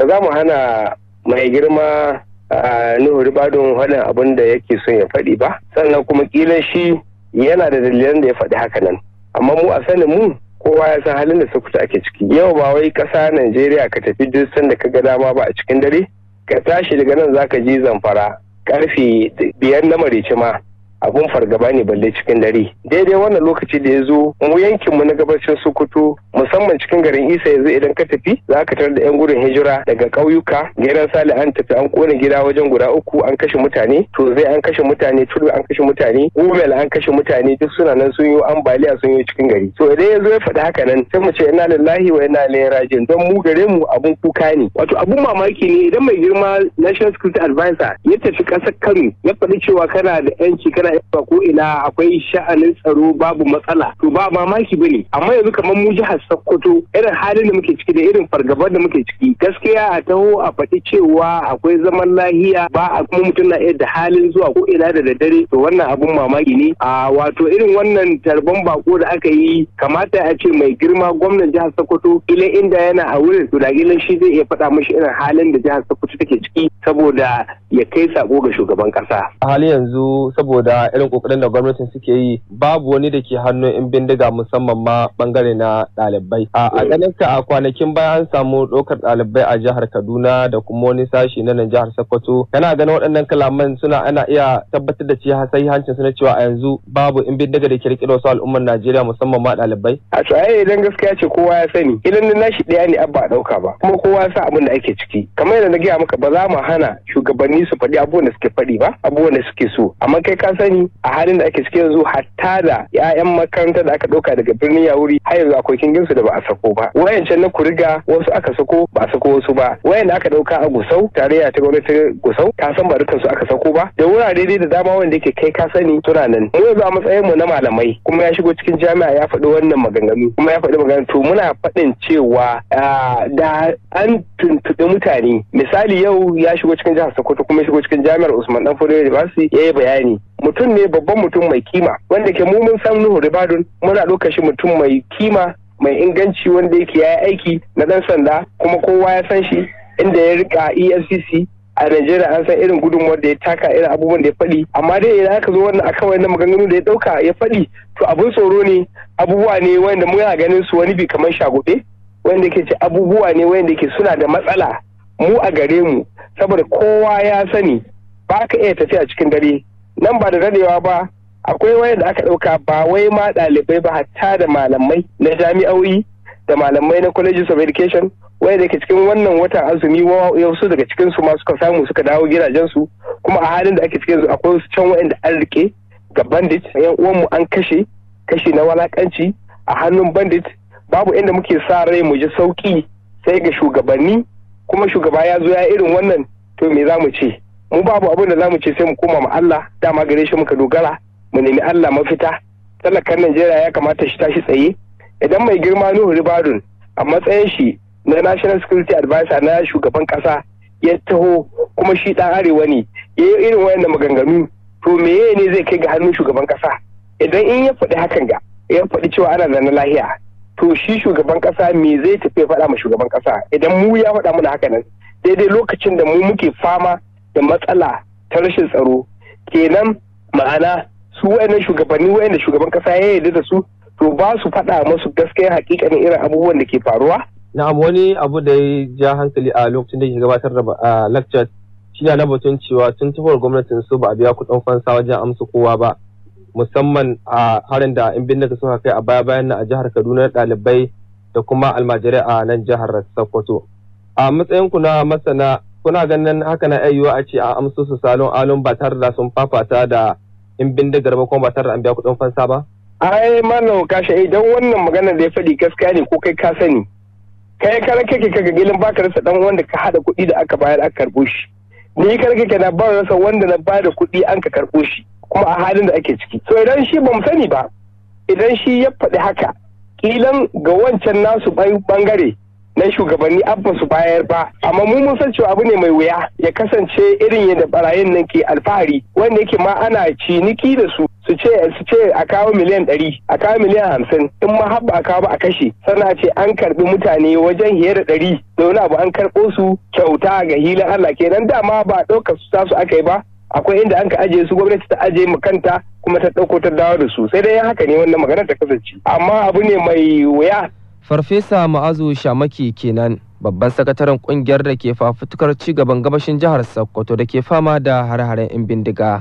ba za mu hana mai girma Nuhu Ribadun faɗin abin da yake son ya faɗi ba sannan kuma ƙila shi yana da dalilan da ya faɗi haka nan amma mu a sanin mu kowa ya san halin da Sokoto ake ciki yau ba wai ƙasa Najeriya ka tafi duk da ka ga dama ba a cikin dare ka tashi daga nan zaka je Zamfara karfe biyar na marice ma abun fargaba ne balle cikin dare daidai wannan lokaci da ya zo mu yankin mu na gabashin sokoto musamman cikin garin isa yanzu idan ka tafi za ka tarar da yan gudun hijira daga ƙauyuka gidan sale an tafi an kona gida wajen guda uku an kashe mutane to zai an kashe mutane tudu an kashe mutane umel an kashe mutane duk suna nan sun yi ambaliya sun yi cikin gari to idan ya zo ya faɗi haka nan sai mu ce ina lillahi wa ina ilaihi raji'un don mu gare mu abun kuka ne wato abun mamaki ne idan mai girma national security advisor ya tafi ƙasar kano ya faɗi cewa kana da yanci kana ana ko ina akwai sha'anin tsaro babu matsala to ba mamaki bane amma yanzu kamar mu jihar Sokoto irin halin da muke ciki da irin fargabar da muke ciki gaskiya a taho a faɗi cewa akwai zaman lahiya ba a kuma mutum na iya da halin zuwa ko ina da daddare to wannan abun mamaki ne a wato irin wannan tarban bako da aka yi kamata a ce mai girma gwamnan jihar Sokoto ila inda yana a wurin to da shi zai iya faɗa mishi irin halin da jihar Sokoto take ciki saboda ya kai sako ga shugaban kasa a hali yanzu saboda A irin kokarin da gwamnatin suke yi babu wani da ke hannun in bindiga musamman ma bangare na ɗalibai. A ganin a kwanakin baya an samu ɗaukar ɗalibai a jihar Kaduna da kuma wani sashi na nan jihar Sokoto. Kana ganin waɗannan kalaman suna ana iya tabbatar da cewa sai hancin suna cewa a yanzu babu in bindiga da kirkiro su al'ummar Najeriya musamman ma ɗalibai. A tsaye idan gaskiya ce kowa ya sani idan na nashi ɗaya ne abba ɗauka ba kuma kowa sa abin da ake ciki. Kamar yadda na gaya maka ba za mu hana shugabanni su faɗi abubuwan da suke faɗi ba abubuwan da suke so amma kai ka san sani a halin da ake cikin yanzu hatta da 'ya'yan makaranta da aka ɗauka daga birnin yawuri har yanzu akwai su da ba a sako ba wayancan na kuriga wasu aka sako ba a sako wasu ba wayanda aka ɗauka a gusau tarayya ta gwamnati gusau ta san ba dukkan su aka sako ba da wurare dai da dama wanda yake kai ka sani suna nan mu yanzu a matsayin mu na malamai kuma ya shigo cikin jami'a ya faɗi wannan maganganu kuma ya faɗi maganganu to muna faɗin cewa da an tuntuɓi mutane misali yau ya shigo cikin jihar Sokoto kuma ya shigo cikin jami'ar Usman Danfodiyo University ya yi bayani mutum ne babban mutum mai kima wanda ke mu san Nuhu Ribadun muna shi mutum mai kima mai inganci wanda yake yayi aiki na ɗan sanda kuma kowa ya san shi inda ya rika EFCC a Najeriya an san irin gudunmuwar da ya taka irin abubuwan da ya faɗi amma dai idan aka zo wannan akan wannan maganganu da ya ɗauka ya faɗi to abun tsoro ne abubuwa ne wanda muna ganin su wani bi kamar shagobe wanda ke ce abubuwa ne wanda ke suna da matsala mu a gare mu saboda kowa ya sani ba ka iya tafiya cikin dare nan ba da dadewa ba akwai waya da aka ɗauka ba wai ma ɗalibai ba hatta da malamai na jami'o'i da malamai na colleges of education waya da ke cikin wannan watan azumi wasu daga cikin su ma suka samu suka dawo gidajensu kuma a halin da ake cikin su akwai wasu can wayanda an rike ga bandit yan uwanmu an kashe kashe na walakanci a hannun bandit babu inda muke sa rai mu ji sauki sai ga shugabanni kuma shugaba ya zo ya irin wannan to me za mu ce mu babu abin da zamu ce sai mu koma ma Allah dama gare shi muka dogara mu nemi Allah mafita talakan Najeriya ya kamata shi tashi tsaye idan mai girma Nuhu Ribadun a matsayin shi na National Security Advisor na shugaban kasa ya taho kuma shi dan arewa ne ya yi irin wayannan maganganu to meye ne zai kai ga hannun shugaban kasa idan in ya faɗi hakan ga ya faɗi cewa ana da lahiya to shi shugaban kasa me zai tafi faɗa ma shugaban kasa idan mu ya faɗa mana haka nan daidai lokacin da mu muke fama da matsala ta rashin tsaro kenan ma'ana su wayannan shugabanni wayanda shugaban kasa ya yarda da su to ba su faɗa masu gaskiya hakikanin irin abubuwan da ke faruwa na'am wani abu da ya ja hankali a lokacin da ke gabatar da lecture shi na batun cewa tun tafiyar gwamnatin su ba a biya kuɗin fansa wajen amsa kowa ba musamman a harin da in bindiga suka kai a baya bayan na a jihar kaduna ɗalibai da kuma almajirai a nan jihar sokoto a matsayin ku na masana kuna ganin haka na ayyuwa a ce a amsu su salon alon ba tare da sun fafata da in bindigar ba kuma ba tare da an biya kuɗin fansa ba? ai malam kashe idan wannan maganar da ya faɗi gaskiya ne ko kai ka sani kai rake kake kaga gilin baka rasa dan wanda ka hada kuɗi da aka bayar aka karɓo shi ni rake kake na ba rasa wanda na ba da kuɗi an ka karɓo shi kuma a halin da ake ciki so idan shi ba mu sani ba idan shi ya faɗi haka kilan ga wancan nasu bangare na shugabanni abba su bayar ba amma mu mun san cewa abu ne mai wuya ya kasance irin yadda barayin nan ke alfahari wanda yake ma ana ciniki da su su ce su ce a kawo miliyan ɗari a kawo miliyan hamsin in ma habba a kawo ba a kashe sana ce an karbi mutane wajen hiyar da ɗari da wani abu an karɓo su kyauta ga hilin Allah kenan dama ba ɗaukar su tasu aka yi ba akwai inda an ka ajiye su gwamnati ta ajiye mu kanta kuma ta ɗauko ta dawo da su sai dai haka ne wannan magana ta kasance amma abu ne mai wuya Farfesa Ma'azu Shamaki kenan babban sakataren kungiyar da ke fafutukar ci gaban gabashin jihar Sokoto da ke fama da hare-haren 'yan bindiga.